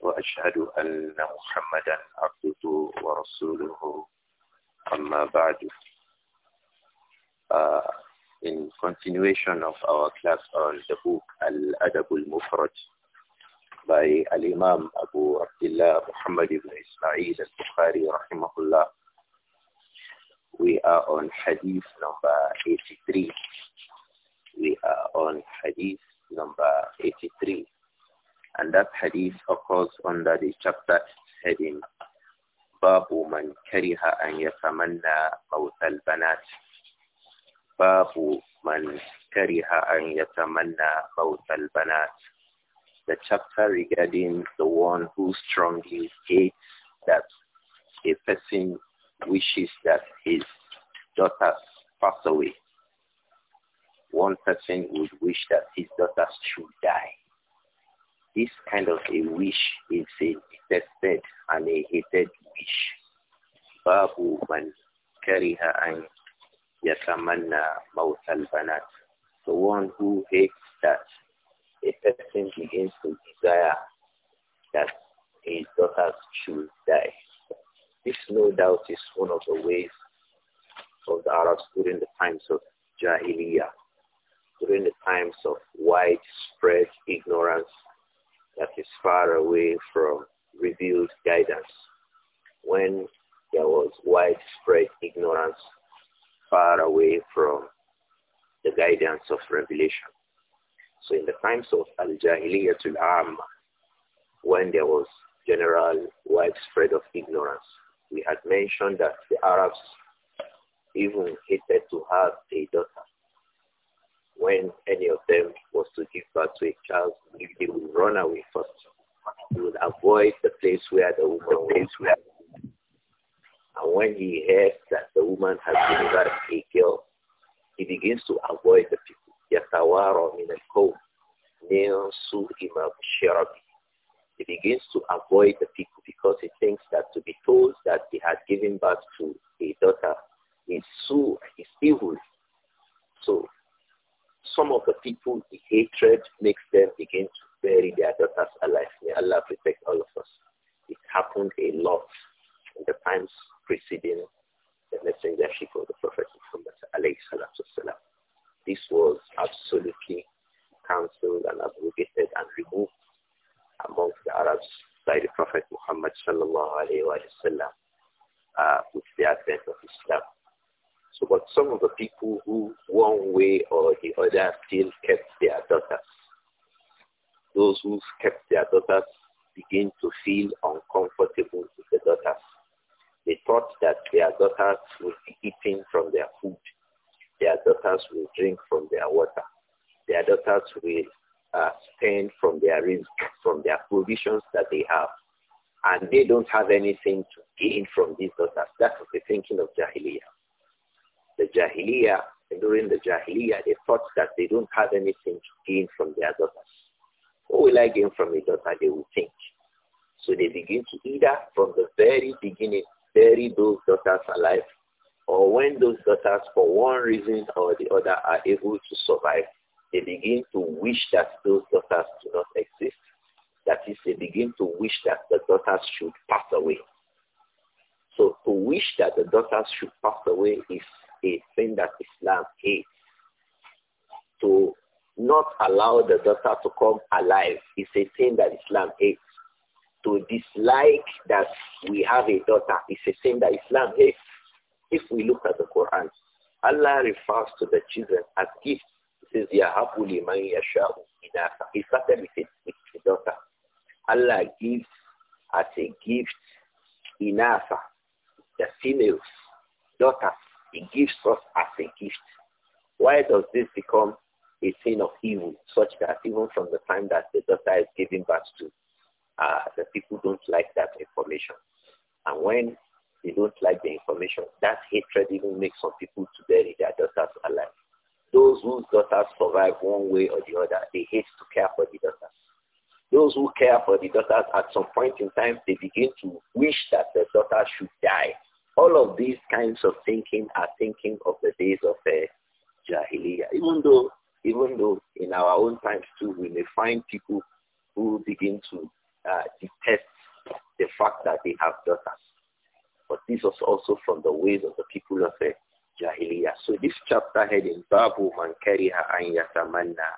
وأشهد أن محمدا عبده ورسوله أما بعد uh, In continuation of our class on the book Al-Adab al-Mufrad by Al-Imam Abu Abdullah Muhammad ibn Ismail al-Bukhari rahimahullah We are on Hadith number 83 We are on Hadith number 83 And that hadith occurs under the chapter heading Babu man kariha an yatamanna mawt al-banat. Babu man kariha an yatamanna mawt al-banat. The chapter regarding the one who strongly hates that a person wishes that his daughters pass away. One person would wish that his daughters should die. This kind of a wish is a detested and a hated wish. Babu man kariha an yatamanna mawt al-banat. The one who hates that a person begins to desire that his daughters should die. This no doubt is one of the ways of the Arabs during the times of Jahiliyyah, during the times of widespread ignorance that is far away from revealed guidance. When there was widespread ignorance far away from the guidance of revelation. So in the times of Al-Jahiliyatul Amma, when there was general widespread of ignorance, we had mentioned that the Arabs even hated to have a daughter when any of them was to give birth to a child, they would run away first. He would avoid the place where the woman was. And when he hears that the woman has delivered a girl, he begins to avoid the people. He begins to avoid the people because he thinks that to be told that he had given birth to a daughter is so is evil. So some of the people, the hatred makes them begin to bury their daughters alive. May Allah protect all of us. It happened a lot in the times preceding the messengership of the Prophet Muhammad This was absolutely cancelled and abrogated and removed amongst the Arabs by the Prophet Muhammad sallallahu alayhi wa sallam uh, with the advent of Islam. So, but some of the people who one way or the other still kept their daughters, those who kept their daughters begin to feel uncomfortable with the daughters. They thought that their daughters would be eating from their food. Their daughters will drink from their water. Their daughters will uh, spend from their risk, from their provisions that they have. And they don't have anything to gain from these daughters. That was the thinking of Jahiliyyah. The Jahiliyyah, during the Jahiliyyah, they thought that they don't have anything to gain from their daughters. What will I gain from a daughter? They will think. So they begin to either from the very beginning bury those daughters alive or when those daughters for one reason or the other are able to survive, they begin to wish that those daughters do not exist. That is, they begin to wish that the daughters should pass away. So to wish that the daughters should pass away is a thing that Islam hates. To not allow the daughter to come alive is a thing that Islam hates. To dislike that we have a daughter is a thing that Islam hates. If we look at the Quran, Allah refers to the children as gifts. He says, يَهَبُ لِمَنْ يَشَاءُ إِنَاثًا He started with, it, with the daughter. Allah gives as a gift inasa, the females, daughters he gives us as a gift. Why does this become a thing of evil such that even from the time that the daughter is giving birth to, uh, the people don't like that information. And when they don't like the information, that hatred even makes some people to bury their daughters alive. Those whose daughters survive one way or the other, they hate to care for the daughters. Those who care for the daughters at some point in time, they begin to wish that the daughter should die all of these kinds of thinking are thinking of the days of uh, Jahiliyyah. Even though, even though in our own times too, we may find people who begin to uh, detest the fact that they have daughters. But this was also from the ways of the people of uh, Jahiliyyah. So this chapter heading, Babu Man Kariha An Yatamanna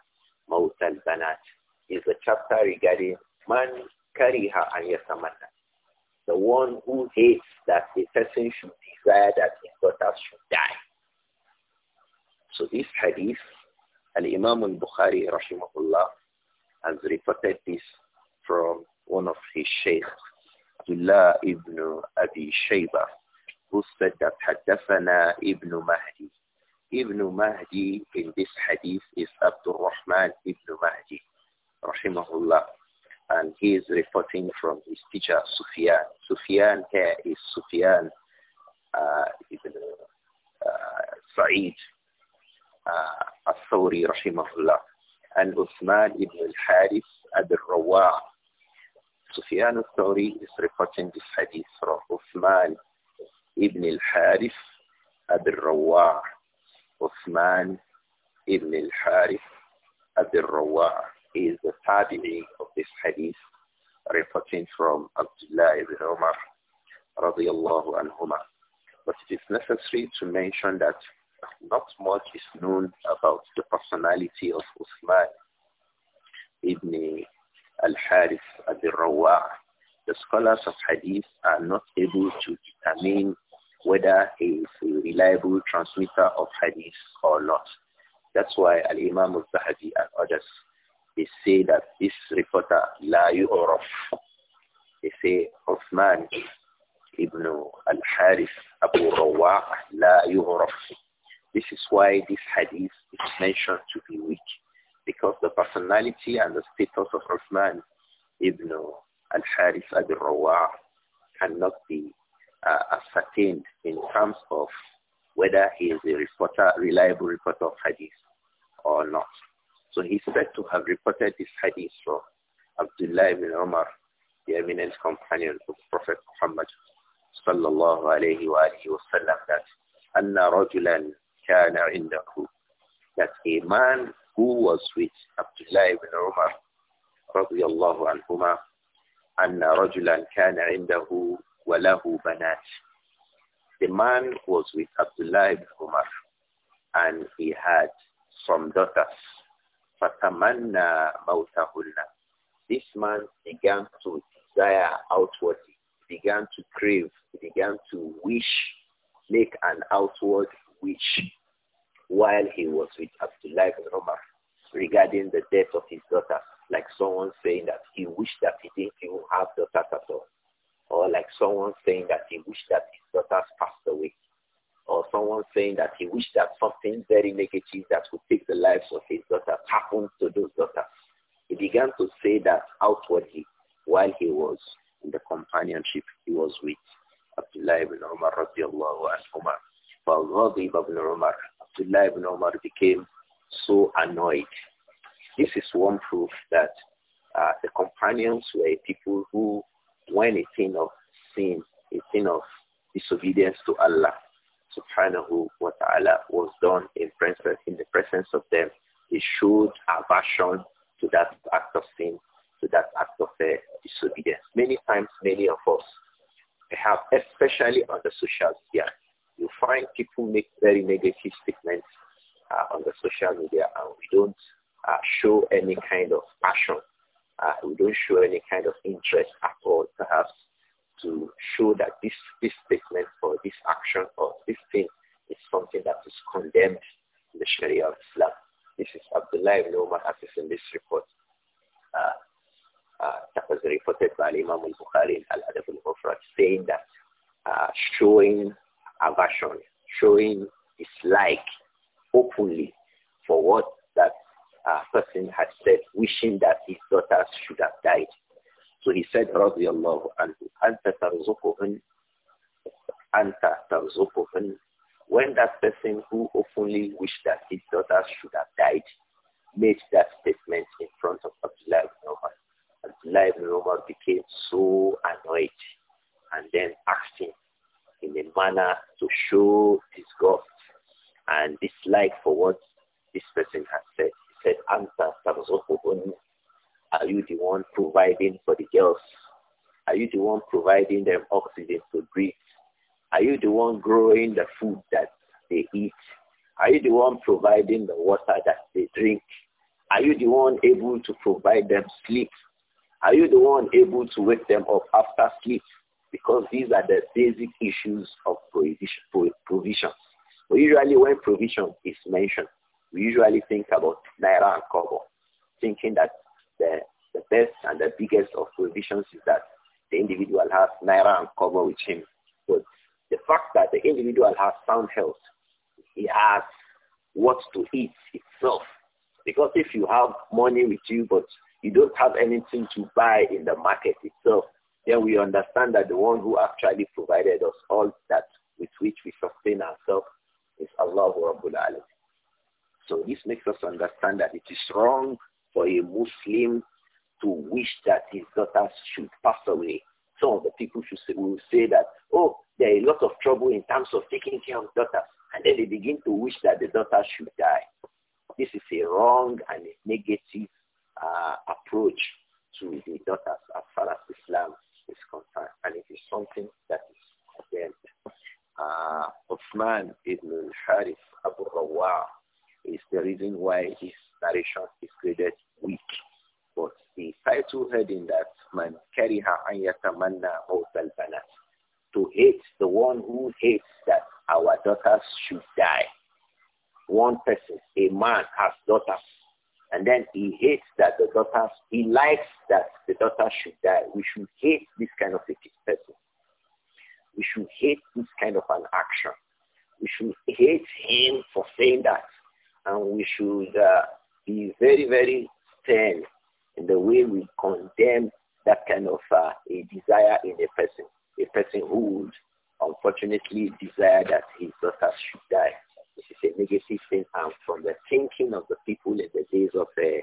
Maut Al-Banat, is a chapter regarding Man Kariha An Yatamanna the one who hates that a person should desire that his daughter should die. So this hadith, Al-Imam al-Bukhari rahimahullah has reported this from one of his sheikhs, Abdullah ibn Abi Shaybah, who said that حدثنا ibn Mahdi. Ibn Mahdi in this hadith is Abdul Rahman ibn Mahdi rahimahullah and he is reporting from his teacher Sufyan. Sufyan here is Sufyan uh, ibn uh, Sa'id uh, al-Thawri uh, rahimahullah and Uthman ibn al-Harith al-Rawa'. Sufyan al-Thawri is reporting this hadith from Uthman ibn al-Harith al-Rawa' Uthman ibn al-Harith al-Rawa' is the tabi'i of this hadith reporting from Abdullah ibn Umar radiallahu anhuma. But it is necessary to mention that not much is known about the personality of Uthman ibn al-Harith al-Rawah. The scholars of hadith are not able to determine whether he is a reliable transmitter of hadith or not. That's why Al-Imam al-Zahabi and others they say that this reporter, La Yu'raf, they say Uthman ibn al-Harith Abu Rawah, La Yu'raf. This is why this hadith is mentioned to be weak, because the personality and the status of Uthman ibn al-Harith Abu Rawah cannot be uh, ascertained in terms of whether he is a reporter, reliable reporter of hadith or not. So he said to have reported this hadith from Abdullah ibn Umar, the eminent companion of Prophet Muhammad sallallahu alayhi wa alayhi wa sallam, that anna rajulan kana indahu, that a man who was with Abdullah ibn Umar radiyallahu anhuma, anna rajulan kana indahu walahu banat. The man was with Abdullah ibn Umar and he had some daughters. This man began to desire outwardly, began to crave, began to wish, make an outward wish while he was with Abdullah ibn Umar regarding the death of his daughter, like someone saying that he wished that he didn't even have daughters at all, or like someone saying that he wished that his daughters passed away or someone saying that he wished that something very negative that would take the lives of his daughters happened to those daughters. He began to say that outwardly while he was in the companionship he was with Abdullah ibn Umar radiallahu anhumah. فغضب ibn Umar. Abdullah ibn Umar became so annoyed. This is one proof that uh, the companions were people who, when a thing of sin, a thing of disobedience to Allah, subhanahu wa ta'ala was done in, presence, in the presence of them, he showed aversion to that act of sin, to that act of uh, disobedience. Many times, many of us have, especially on the social media, you find people make very negative statements uh, on the social media and we don't uh, show any kind of passion. Uh, we don't show any kind of interest at all, perhaps, to show that this, this statement or this action or this thing is something that is condemned in the Sharia of Islam. This is Abdullah ibn Umar as is in this report. Uh, uh, that was reported by Imam al-Bukhari in Al-Adab al-Mufrad saying that uh, showing aversion, showing dislike openly for what that uh, person had said, wishing that his daughters should have died so he said, رضي الله عنه, أنت ترزقهن, أنت ترزقهن. When that person who openly wished that his daughter should have died made that statement in front of Abdullah ibn Umar, Abdullah ibn Umar became so annoyed and then asked him in a manner to show disgust and dislike for what this person had said. He said, أنت ترزقهن are you the one providing for the girls? Are you the one providing them oxygen to breathe? Are you the one growing the food that they eat? Are you the one providing the water that they drink? Are you the one able to provide them sleep? Are you the one able to wake them up after sleep? Because these are the basic issues of provision. But usually when provision is mentioned, we usually think about naira and kobo, thinking that the, the best and the biggest of provisions is that the individual has naira and cover with him. But the fact that the individual has sound health, he has what to eat itself. Because if you have money with you, but you don't have anything to buy in the market itself, then we understand that the one who actually provided us all that with which we sustain ourselves is Allah Rabbul Alamin. So this makes us understand that it is wrong for a Muslim to wish that his daughters should pass away. Some of the people should say, will say that, oh, there are a lot of trouble in terms of taking care of daughters. And then they begin to wish that the daughter should die. This is a wrong and a negative uh, approach to the daughters as far as Islam is concerned. And it is something that is condemned. Uh, Uthman ibn al-Harith Abu Rawah is the reason why his narration is graded weak. But the title heading that man kariha an yatamanna mawtal banat, to hate the one who hates that our daughters should die. One person, a man has daughters, and then he hates that the daughters, he likes that the daughters should die. We should hate this kind of a person. We should hate this kind of an action. We should hate him for saying that and we should uh, be very, very stern in the way we condemn that kind of uh, a desire in a person, a person who would unfortunately desire that his daughter should die. This is a negative thing and um, from the thinking of the people in the days of uh,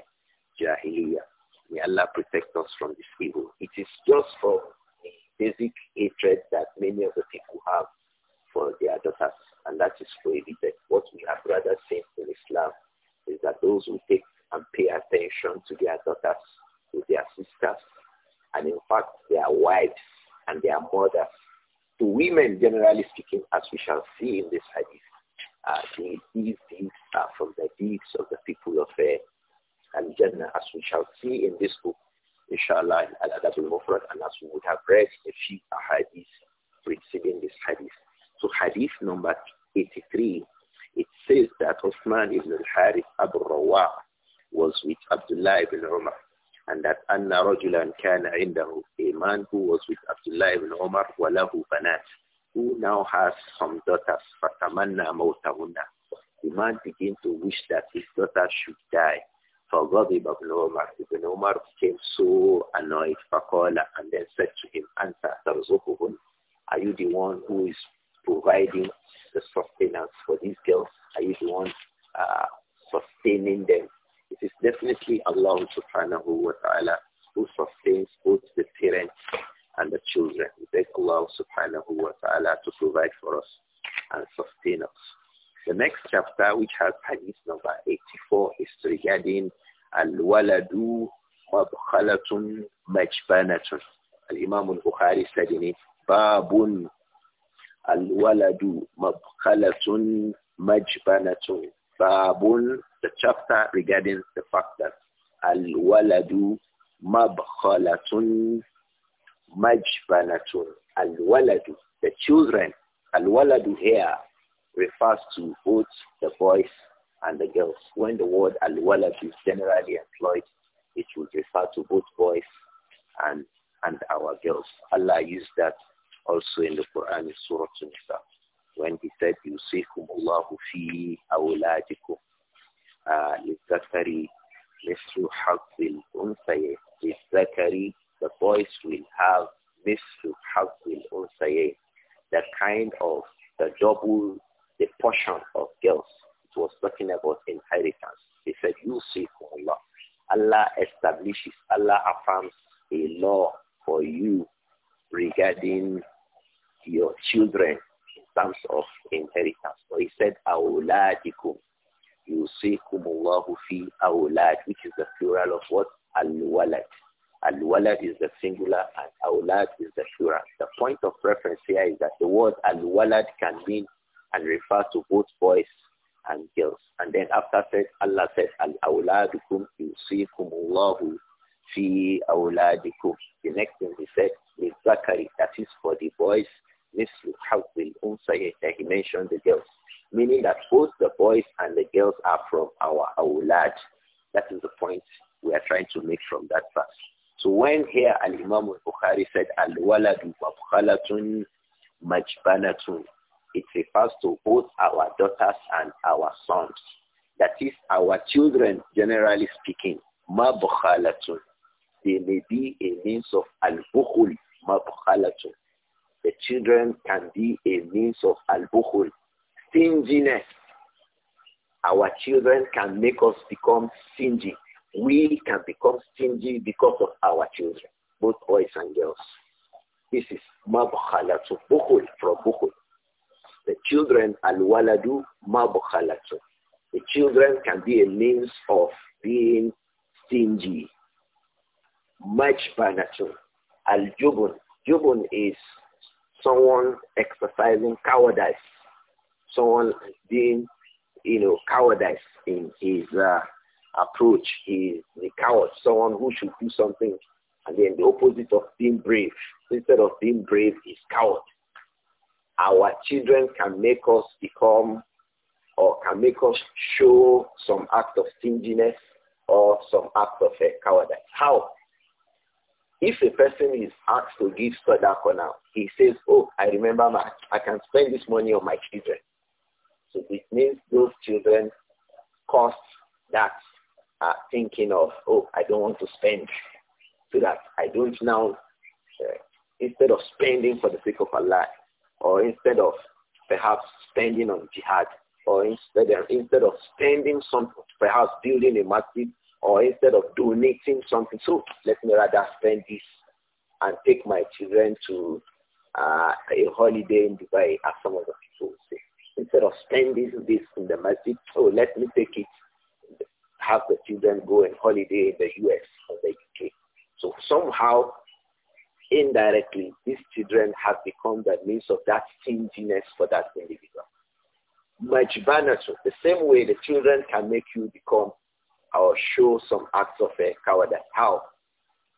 Jahiliyyah. May Allah protect us from this evil. It is just for the basic hatred that many of the people have for their daughters and that is prohibited. What we have rather seen in Islam is that those who take and pay attention to their daughters, to their sisters, and in fact their wives and their mothers, to women generally speaking, as we shall see in this hadith. Uh, the, these deeds are from the deeds of the people of uh, Al-Jannah, as we shall see in this book, inshallah, al mufrad and as we would have read a few hadiths preceding this hadith. So hadith number 83, it says that Osman ibn al-Harith Abu Rawah was with Abdullah ibn Umar and that Anna Rajulan Kana indahu, a man who was with Abdullah ibn Umar walahu banat, who now has some daughters, fatamanna mautahunna. The man began to wish that his daughter should die. فغضب ابن عمر ابن عمر became so annoyed فقال and then said to him أنت ترزقهن Are you the one who is providing the sustenance for these girls? Are you the one uh, sustaining them? It is definitely Allah subhanahu wa ta'ala who sustains both the parents and the children. We beg Allah subhanahu wa ta'ala to provide for us and sustain us. The next chapter, which has hadith number 84, is regarding Al-Waladu Mabkhalatun Majbanatun. Al-Imam al-Bukhari said in it, Babun the chapter regarding the fact that the children. here refers to both the boys and the girls. When the word al-walad is generally employed, it will refer to both boys and, and our girls. Allah used that also in the Quran is Surah Nisa when he said Yusikum Allahu fi awladikum uh, للذكري مثل حظ الأنثيين للذكري the boys will have مثل حظ الأنثيين the kind of the double the portion of girls it was talking about inheritance he said Yusikum Allah Allah establishes Allah affirms a law for you regarding your children in terms of inheritance. So he said, awladikum. Yusikumullahu fi awlad, which is the plural of what? Al-walad. Al-walad is the singular and awlad is the plural. The point of reference here is that the word al-walad can mean and refer to both boys and girls. And then after that, Allah said, Al-awladukum yusikumullahu fi awladikum. The next thing he said, Zakari, that is for the boys, Mislu Hawil Unsaye, he mentioned the girls. Meaning that both the boys and the girls are from our awlad. That is the point we are trying to make from that verse. So when here Al-Imam al-Bukhari said, Al-Waladu Mabkhalatun it refers to both our daughters and our sons. That is, our children, generally speaking, Mabkhalatun. They may be a means of Al-Bukhul, the children can be a means of al-bukhul, stinginess. Our children can make us become stingy. We can become stingy because of our children, both boys and girls. This is mabkhalatu, bukhul from bukhul. The children, al-waladu, mabkhalatu. The children can be a means of being stingy. Majbanatu. Al-Jubun. Jubun is someone exercising cowardice, someone being, you know, cowardice in his uh, approach. He's is the coward, someone who should do something. And then the opposite of being brave. Instead of being brave, is coward. Our children can make us become or can make us show some act of stinginess or some act of uh, cowardice. How? If a person is asked to give sadaqah now, he says, oh, I remember my, I can spend this money on my children. So it means those children costs that are thinking of, oh, I don't want to spend so that I don't now, uh, instead of spending for the sake of Allah, or instead of perhaps spending on jihad, or instead of, instead of spending some, perhaps building a masjid, or instead of donating something, so let me rather spend this and take my children to uh, a holiday in Dubai, as some of the people say. Instead of spending this in the masjid, so let me take it, have the children go on holiday in the US or the UK. So somehow, indirectly, these children have become the means of that stinginess for that individual. So the same way the children can make you become or show some acts of eh, a How?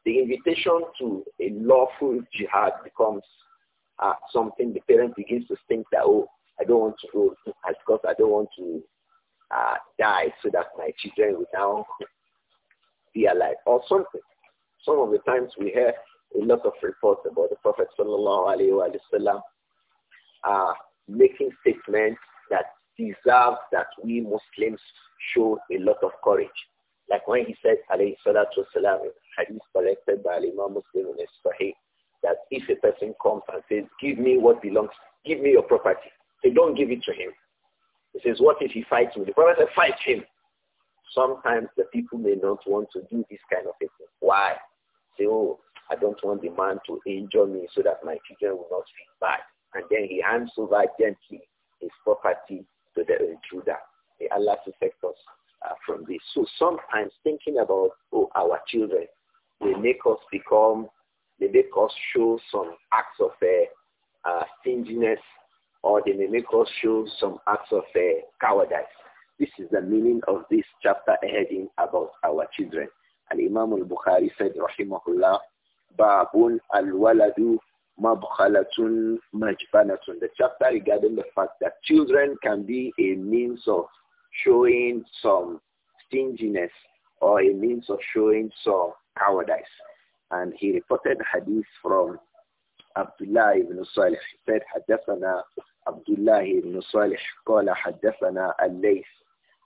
The invitation to a lawful jihad becomes uh, something the parent begins to think that, oh, I don't want to go oh, because I don't want to uh, die so that my children will now be alive or something. Some of the times we hear a lot of reports about the Prophet Sallallahu Alaihi Wasallam uh, making statements that deserve that we Muslims show a lot of courage. Like when he said, alayhi salatu wasalam, hadith collected by Imam Muslim in Sahih, that if a person comes and says, give me what belongs, give me your property, they don't give it to him. He says, what if he fights me? The Prophet said, fight him. Sometimes the people may not want to do this kind of thing. Why? Say, oh, I don't want the man to injure me so that my children will not feel bad. And then he hands over gently his property to the intruder. May Allah protect us uh, from this. So sometimes thinking about oh, our children, they make us become, they make us show some acts of uh, uh stinginess or they may make us show some acts of uh, cowardice. This is the meaning of this chapter heading about our children. And Imam al-Bukhari said, Rahimahullah, Babun al-Waladu Mabkhalatun Majbanatun, the chapter regarding the fact that children can be a means of showing some stinginess or a means of showing some cowardice. And he reported hadith from Abdullah ibn Salih. He said, حدثنا عبد الله بن صالح قال حدثنا الليث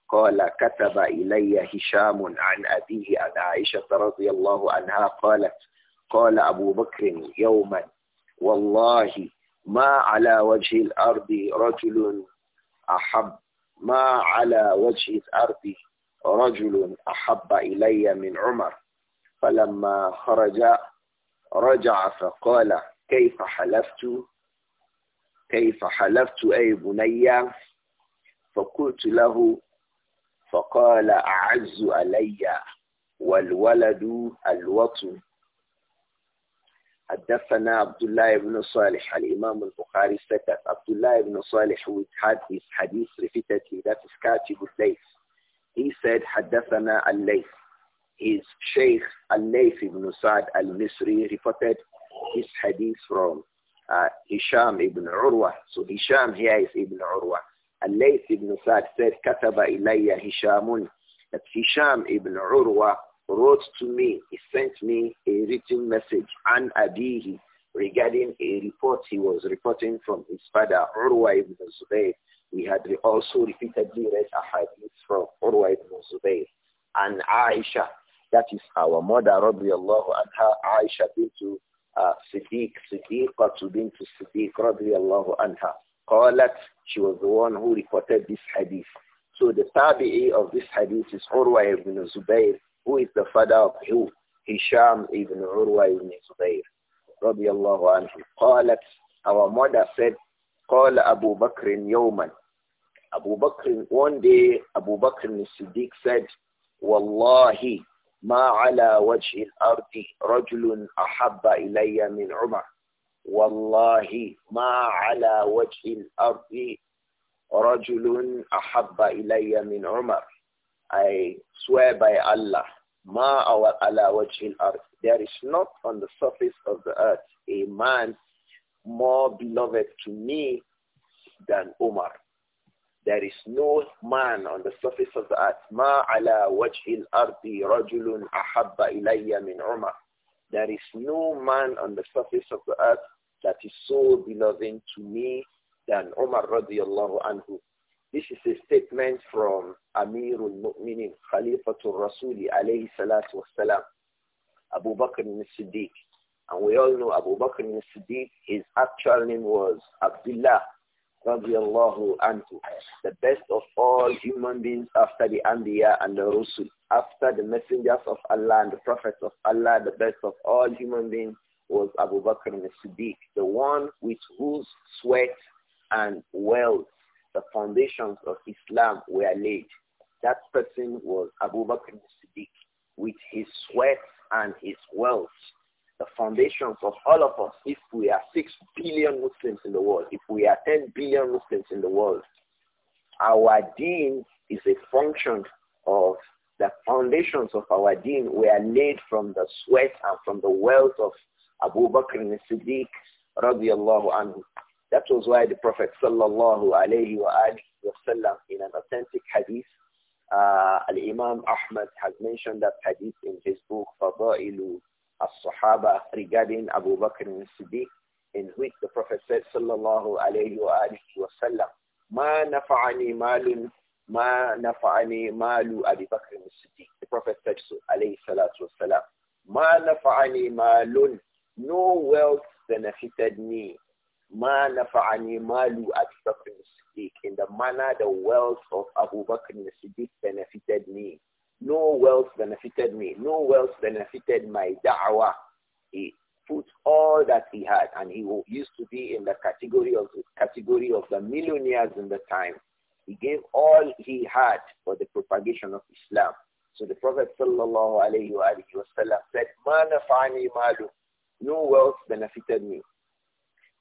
قال كتب إلي هشام عن أبيه عن عائشة رضي الله عنها قالت قال أبو بكر يوما والله ما على وجه الأرض رجل أحب ما على وجه الأرض رجل أحب إلي من عمر فلما خرج رجع فقال كيف حلفت كيف حلفت أي بني فقلت له فقال أعز علي والولد الوطن حدثنا عبد الله بن صالح الإمام البخاري said that Abdullah ibn Salih who had his hadith repeatedly that is he said حدثنا al-Layth his Sheikh al-Layth ibn sa al-Misri reported his hadith from uh, Hisham ibn Urwa so Hisham here is is Urwa al-Layth ibn Sa'd said كتب إلي هشام that Hisham ibn Urwa wrote to me, he sent me a written message, an adihi, regarding a report he was reporting from his father, Urwa ibn Zubayr. We had also repeatedly read a hadith from Urwa ibn Zubayr and Aisha. That is our mother, radiallahu anha, Aisha bintu uh, Siddiq, Siddiqatu bintu Siddiq, radiallahu anha. Qalat, she was the one who reported this hadith. So the tabi'i of this hadith is Urwa ibn Zubayr who is the father of who? Hisham ibn Urwa ibn Zubayr. رضي الله عنه our mother said قال أبو بكر يوما Abu Bakr, one day Abu Bakr the siddiq said, Wallahi, ma wajhi al-ardi rajulun ahabba ilayya min Umar. Wallahi, ma wajhi al-ardi rajulun ahabba ilayya min Umar. I swear by Allah, Ma ala There is not on the surface of the earth a man more beloved to me than Omar. There is no man on the surface of the earth. Ma ala wajhil ardi rajulun ahabba ilayya min Umar. There is no man on the surface of the earth that is so beloved to me than Umar radiallahu anhu. This is a statement from Amirul Mu'minin, Khalifatul Rasuli, alayhi salatu wasalam, Abu Bakr al-Siddiq. And we all know Abu Bakr al-Siddiq, his actual name was Abdullah radiallahu anhu, the best of all human beings after the Anbiya and the Rusul, after the messengers of Allah and the prophets of Allah, the best of all human beings was Abu Bakr al-Siddiq, the one with whose sweat and wealth the foundations of Islam were laid. That person was Abu Bakr Siddiq. With his sweat and his wealth, the foundations of all of us, if we are 6 billion Muslims in the world, if we are 10 billion Muslims in the world, our deen is a function of the foundations of our deen were laid from the sweat and from the wealth of Abu Bakr and Siddiq radiallahu anhu. That was why the Prophet sallallahu alayhi wa in an authentic hadith, uh, Al-Imam Ahmad has mentioned that hadith in his book Fada'ilu As-Sahaba regarding Abu Bakr al-Siddiq in which the Prophet said sallallahu alayhi wa alihi sallam, ma nafa'ani malun ma nafa'ani malu The Prophet said so, alayhi salatu wa ma nafa'ani no wealth benefited me ma nafa'ani malu at Bakr in the manner the wealth of Abu Bakr Siddiq benefited me. No wealth benefited me. No wealth benefited my da'wah. He put all that he had and he used to be in the category of the category of the millionaires in the time. He gave all he had for the propagation of Islam. So the Prophet sallallahu alayhi wa sallam said, ma nafa'ani malu. No wealth benefited me.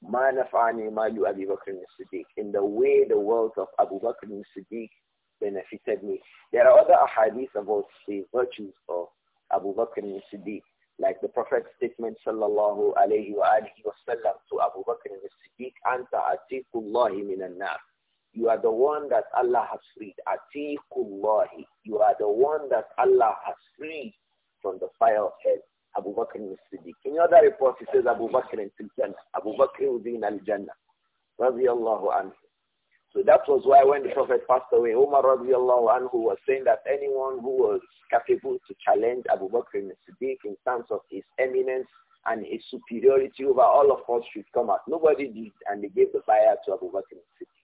ما نفعني مال Bakr بكر Siddiq. in the way the wealth of Abu Bakr al-Siddiq benefited me. There are other ahadith about the virtues of Abu Bakr al-Siddiq like the Prophet's statement sallallahu alayhi wa alihi wa sallam to Abu Bakr al-Siddiq Anta atiqullahi minan nar You are the one that Allah has freed. Atiqullahi You are the one that Allah has freed from the fire of hell. Abu Bakr al-Siddiq. In other reports, He says Abu Bakr in Jannah. Abu Bakr was in al-Jannah. Radiallahu anhu. So that was why when the Prophet passed away, Umar radiallahu anhu was saying that anyone who was capable to challenge Abu Bakr in Siddiq in terms of his eminence and his superiority over all of us should come out. Nobody did, and they gave the fire to Abu Bakr and Siddiq.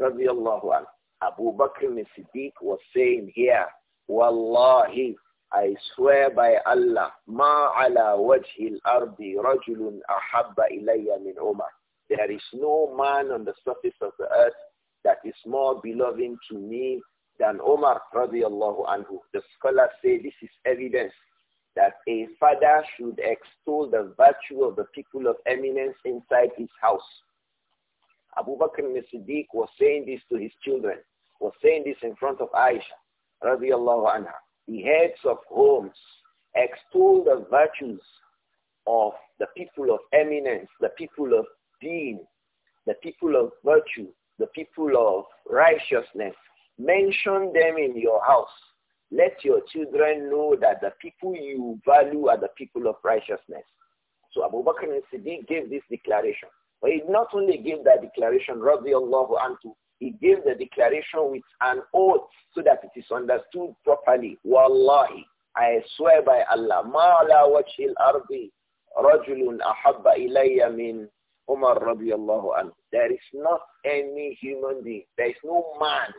Radiallahu anhu. Abu Bakr and Siddiq was saying here, Wallahi, I swear by Allah, ma ala wajhil ardi rajulun ahabba ilayya min Umar. There is no man on the surface of the earth that is more beloved to me than Umar radiallahu anhu. The scholars say this is evidence that a father should extol the virtue of the people of eminence inside his house. Abu Bakr al-Siddiq was saying this to his children, was saying this in front of Aisha radiallahu anha the heads of homes, extol the virtues of the people of eminence, the people of being, the people of virtue, the people of righteousness. Mention them in your house. Let your children know that the people you value are the people of righteousness. So Abu Bakr as Siddiq gave this declaration. But he not only gave that declaration, radiallahu anhu, he gave the declaration with an oath so that it is understood properly. Wallahi, I swear by Allah, ma la wajhil ardi rajulun ahabba ilayya min Umar radiallahu anhu. There is not any human being. There is no man.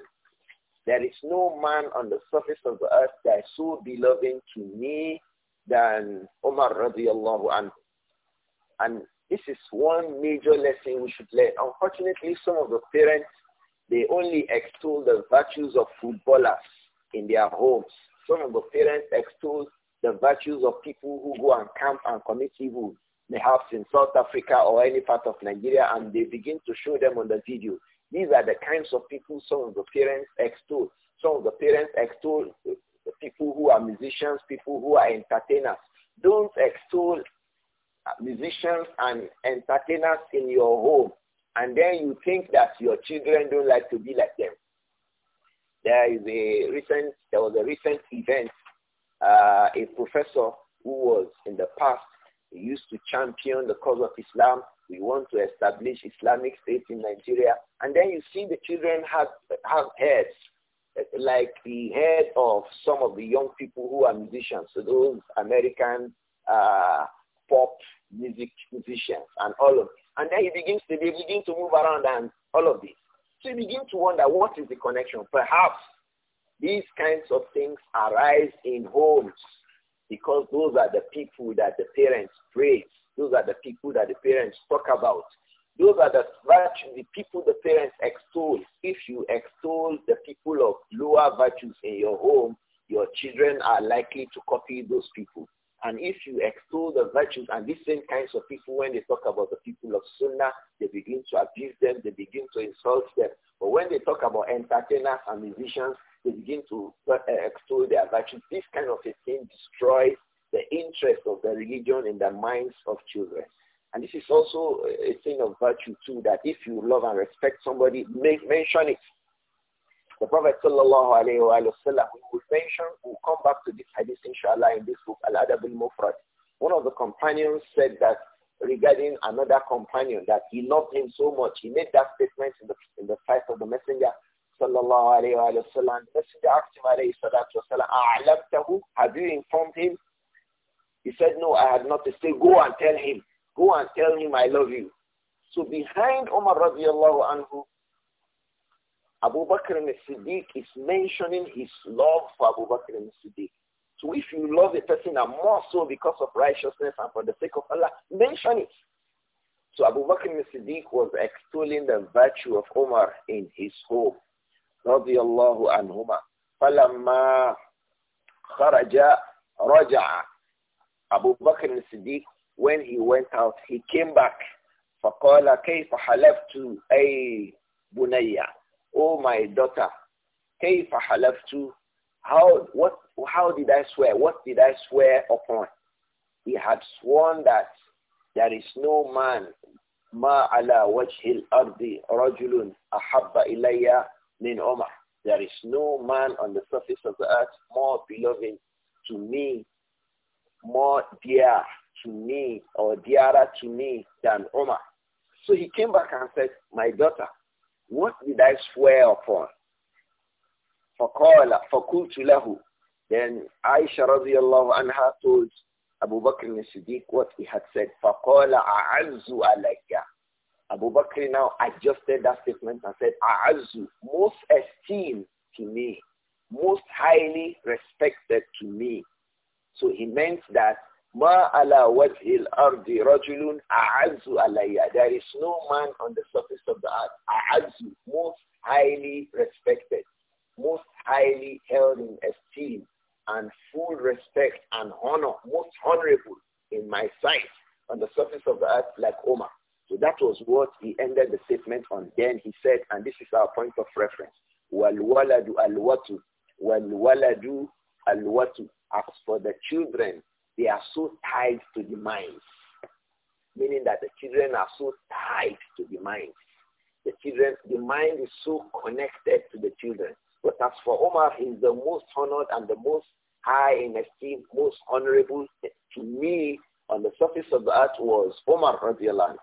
There is no man on the surface of the earth that is so beloved to me than Umar radiallahu anhu. And this is one major lesson we should learn. Unfortunately, some of the parents they only extol the virtues of footballers in their homes. Some of the parents extol the virtues of people who go and camp and commit evil, perhaps in South Africa or any part of Nigeria, and they begin to show them on the video. These are the kinds of people some of the parents extol. Some of the parents extol people who are musicians, people who are entertainers. Don't extol musicians and entertainers in your home. And then you think that your children don't like to be like them. There is a recent, there was a recent event. Uh, a professor who was in the past used to champion the cause of Islam. We want to establish Islamic State in Nigeria. And then you see the children have, have heads, like the head of some of the young people who are musicians, so those American uh, pop music musicians and all of and then he begins to, they begin to move around and all of this. So you begin to wonder what is the connection. Perhaps these kinds of things arise in homes because those are the people that the parents praise. Those are the people that the parents talk about. Those are the, virtues the people the parents extol. If you extol the people of lower virtues in your home, your children are likely to copy those people. And if you extol the virtues and these same kinds of people, when they talk about the people of Sunnah, they begin to abuse them, they begin to insult them. But when they talk about entertainers and musicians, they begin to uh, extol their virtues. This kind of a thing destroys the interest of the religion in the minds of children. And this is also a thing of virtue too, that if you love and respect somebody, make, mention it. The Prophet sallallahu alayhi wa we will mention, we'll come back to this hadith inshallah in this book, Al-Adab al-Mufrad. One of the companions said that regarding another companion that he loved him so much. He made that statement in the, in the sight of the messenger sallallahu alayhi wa sallam. The messenger asked him alayhi salatu wasalam, Have you informed him? He said, no, I have not. He said, go and tell him. Go and tell him I love you. So behind Umar radiallahu anhu Abu Bakr al-Siddiq is mentioning his love for Abu Bakr al-Siddiq. So if you love a person and more so because of righteousness and for the sake of Allah, mention it. So Abu Bakr al-Siddiq was extolling the virtue of Umar in his home. رضي الله عنهما فلما خرج رجع Abu Bakr al-Siddiq when he went out he came back فقال كيف حلفت أي بنيّة oh my daughter, كيف حلفت how what how did I swear? What did I swear upon? He had sworn that there is no man ma ala wajhil ardi rajulun ahabba ilayya min Omar. There is no man on the surface of the earth more beloved to me, more dear to me or dearer to me than Omar. So he came back and said, my daughter, what did I swear upon? فقال فقلت له Then Aisha radiallahu anha told Abu Bakr al-Siddiq what he had said. فقال أعز عليك Abu Bakr now adjusted that statement and said أعز most esteemed to me, most highly respected to me. So he meant that ما على وجه الأرض رجل أعز علي. There is no man on the surface of the earth. أعز, most highly respected, most highly held in esteem and full respect and honor, most honorable in my sight on the surface of the earth like Omar. So that was what he ended the statement on. Then he said, and this is our point of reference, وَالْوَلَدُ الْوَتُ وَالْوَلَدُ الْوَتُ As for the children, they are so tied to the mind, meaning that the children are so tied to the mind. The children, the mind is so connected to the children. But as for Omar, he's the most honored and the most high in esteem, most honorable to me on the surface of the earth was Omar radiallahu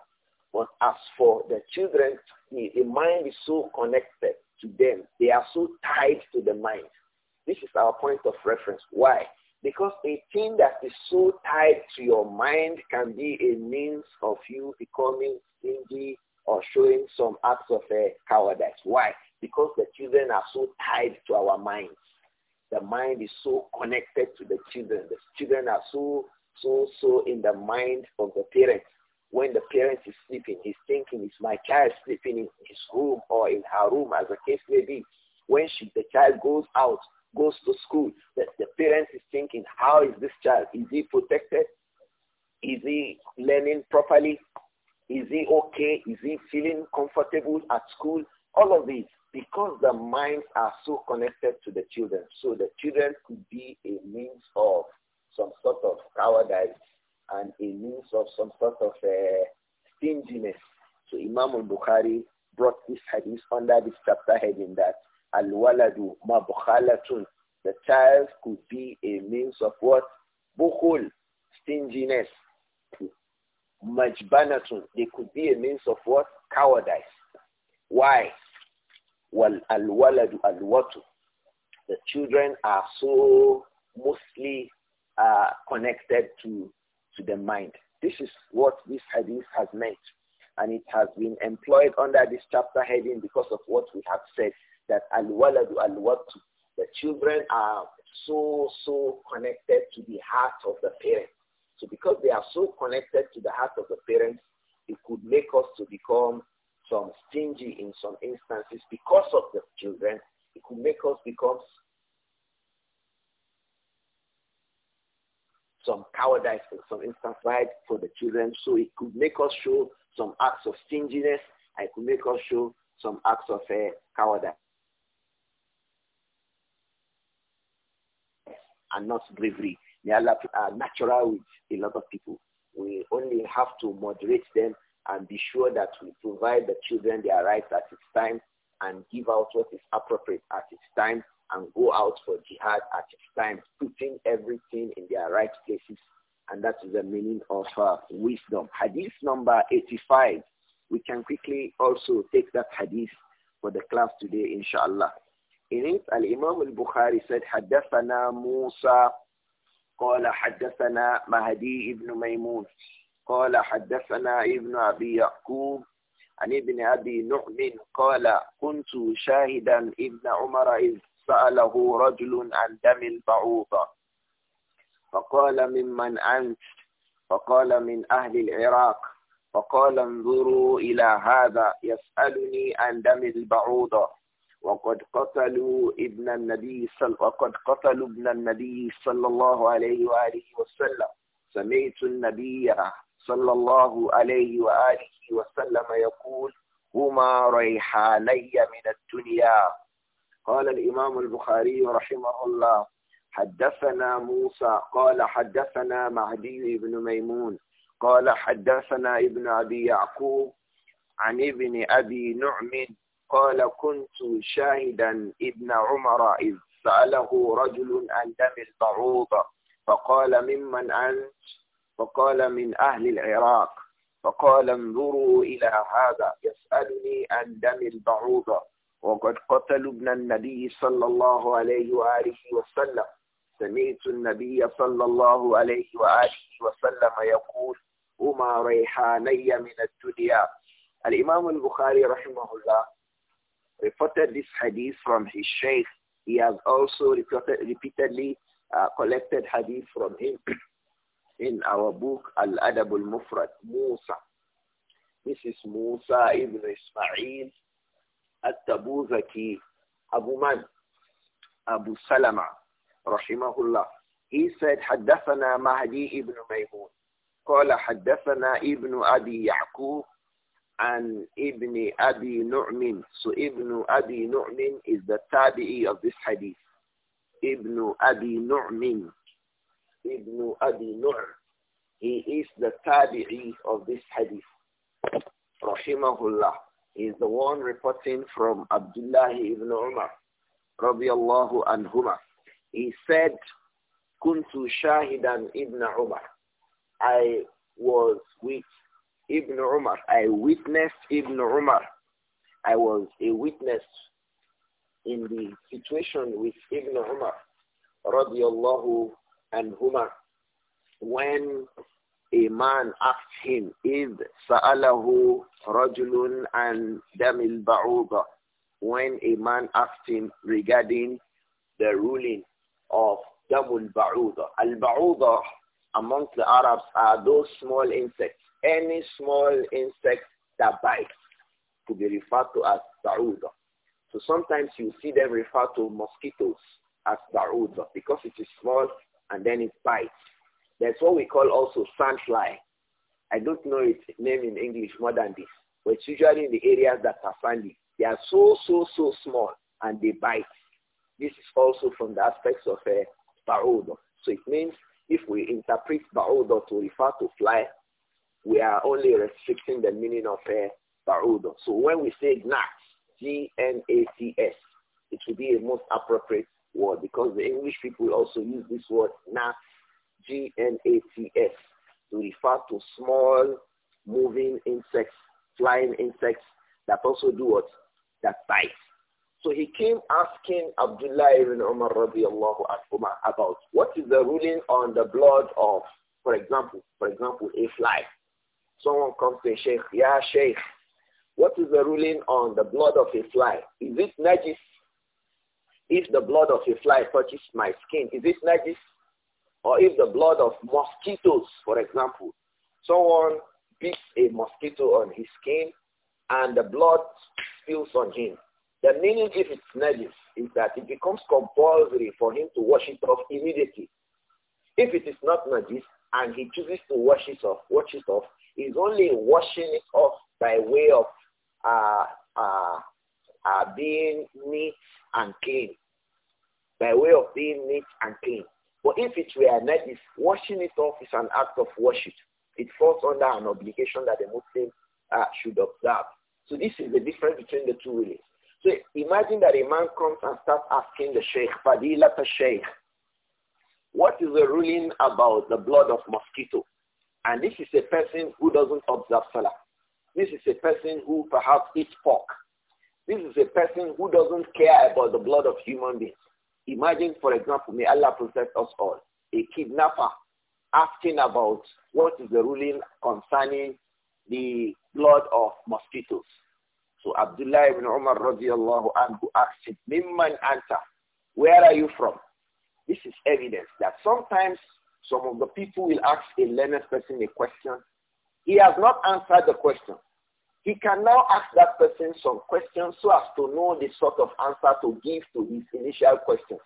But as for the children, the, the mind is so connected to them. They are so tied to the mind. This is our point of reference. Why? Because a thing that is so tied to your mind can be a means of you becoming stingy or showing some acts of a eh, cowardice. Why? Because the children are so tied to our minds. The mind is so connected to the children. The children are so, so, so in the mind of the parents. When the parent is sleeping, he's thinking, is my child sleeping in his room or in her room, as the case may be. When she, the child goes out, goes to school, the, the parents is thinking, how is this child? Is he protected? Is he learning properly? Is he okay? Is he feeling comfortable at school? All of these, because the minds are so connected to the children. So the children could be a means of some sort of cowardice and a means of some sort of uh, stinginess. So Imam al-Bukhari brought this hadith under this chapter heading that Al-waladu mabkhalatun. The child could be a means of what? Bukhul, stinginess. Majbanatun. They could be a means of what? Cowardice. Why? Wal al-waladu al The children are so mostly uh, connected to, to the mind. This is what this hadith has meant. And it has been employed under this chapter heading because of what we have said that al-waladu al-watu, the children are so, so connected to the heart of the parents. So because they are so connected to the heart of the parents, it could make us to become some stingy in some instances because of the children. It could make us become some cowardice in some instances, right for the children. So it could make us show some acts of stinginess. It could make us show some acts of uh, cowardice. and not bravery. They are natural with a lot of people. We only have to moderate them and be sure that we provide the children their rights at its time and give out what is appropriate at its time and go out for jihad at its time, putting everything in their right places. And that is the meaning of uh, wisdom. Hadith number 85. We can quickly also take that hadith for the class today, inshallah. In الإمام البخاري سيد حدثنا موسى قال حدثنا مهدي ابن ميمون قال حدثنا ابن أبي يعقوب عن ابن أبي نعم قال كنت شاهدا ابن عمر إذ سأله رجل عن دم البعوضة فقال ممن أنت فقال من أهل العراق فقال انظروا إلى هذا يسألني عن دم البعوضة وقد قتلوا ابن النبي صلى وقد قتلوا ابن النبي صلى الله عليه وآله وسلم سمعت النبي صلى الله عليه وآله وسلم يقول هما ريحاني من الدنيا قال الإمام البخاري رحمه الله حدثنا موسى قال حدثنا مهدي بن ميمون قال حدثنا ابن أبي يعقوب عن ابن أبي نعم قال كنت شاهدا ابن عمر إذ سأله رجل عن دم البعوضة فقال ممن أنت فقال من أهل العراق فقال انظروا إلى هذا يسألني عن دم البعوضة وقد قتلوا ابن النبي صلى الله عليه وآله وسلم سمعت النبي صلى الله عليه وآله وسلم يقول هما ريحاني من الدنيا الإمام البخاري رحمه الله reported this hadith from his sheikh. He has also reported, repeatedly uh, collected hadith from him in our book Al-Adab al-Mufrad, Musa. This is Musa ibn Ismail al-Tabuzaki, Abu Man, Abu Salama, rahimahullah. He said, حدثنا مهدي ibn Maymun. قال حدثنا ابن أبي يعقوب عن ابن أبي نعم so ابن أبي نعم is the tabi'i of this hadith ابن أبي نعم ابن أبي نعم he is the tabi'i of this hadith rahimahullah he is the one reporting from Abdullah ibn Umar radiyallahu anhuma he said كنت شاهدا ابن عمر I was with Ibn Umar. I witnessed Ibn Umar. I was a witness in the situation with Ibn Umar radiallahu anhuma when a man asked him id sa'alahu rajulun an damil ba'uda when a man asked him regarding the ruling of damul ba'uda al ba'uda amongst the arabs are those small insects any small insect that bites could be referred to as daruda. So sometimes you see them referred to mosquitoes as daruda because it is small and then it bites. That's what we call also sandfly. I don't know its name in English more than this, but it's usually in the areas that are sandy. They are so, so, so small and they bite. This is also from the aspects of a uh, barodo. So it means if we interpret barodo to refer to fly, we are only restricting the meaning of uh, So when we say gnats, G-N-A-T-S, it should be a most appropriate word because the English people also use this word gnats, G-N-A-T-S, to refer to small moving insects, flying insects that also do what? That bite. So he came asking Abdullah ibn Umar radiallahu anhu about what is the ruling on the blood of, for example, for example, a fly. Someone comes to a sheikh, yeah, sheikh, what is the ruling on the blood of a fly? Is it najis? If the blood of a fly touches my skin, is it najis? Or if the blood of mosquitoes, for example, someone beats a mosquito on his skin and the blood spills on him. The meaning, if it's najis, is that it becomes compulsory for him to wash it off immediately. If it is not najis and he chooses to wash it off, wash it off, is only washing it off by way of uh, uh, uh, being neat and clean, by way of being neat and clean. But if it were najis, washing it off is an act of worship. It falls under an obligation that the Muslim uh, should observe. So this is the difference between the two rulings. So imagine that a man comes and starts asking the sheikh, Fadilat al-sheikh, what is the ruling about the blood of mosquito? And this is a person who doesn't observe Salah. This is a person who perhaps eats pork. This is a person who doesn't care about the blood of human beings. Imagine, for example, may Allah protect us all, a kidnapper asking about what is the ruling concerning the blood of mosquitoes. So Abdullah ibn Umar radiallahu anhu asked him, Mimman Anta, where are you from? This is evidence that sometimes some of the people will ask a learned person a question. He has not answered the question. He can now ask that person some questions so as to know the sort of answer to give to his initial questions.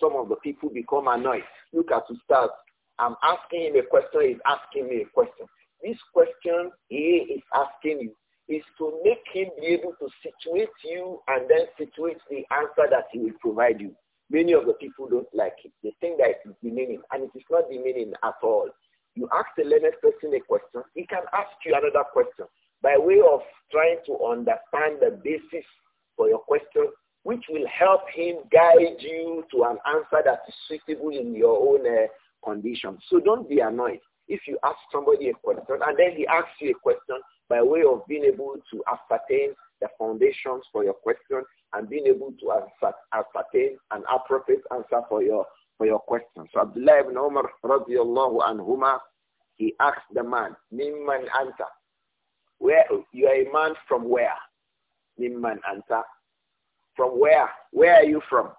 Some of the people become annoyed. Look at start. I'm asking him a question. He's asking me a question. This question he is asking you is to make him be able to situate you and then situate the answer that he will provide you. Many of the people don't like it. They think that it's demeaning, and it is not demeaning at all. You ask the learned person a question, he can ask you another question by way of trying to understand the basis for your question, which will help him guide you to an answer that is suitable in your own uh, condition. So don't be annoyed if you ask somebody a question and then he asks you a question by way of being able to ascertain the foundations for your question and being able to ascertain an appropriate answer for your for your question. So Abdullah ibn Umar radiallahu anhuma, he asked the man, Mimman answer. Where you are a man from where? Mimman answer. From where? Where are you from?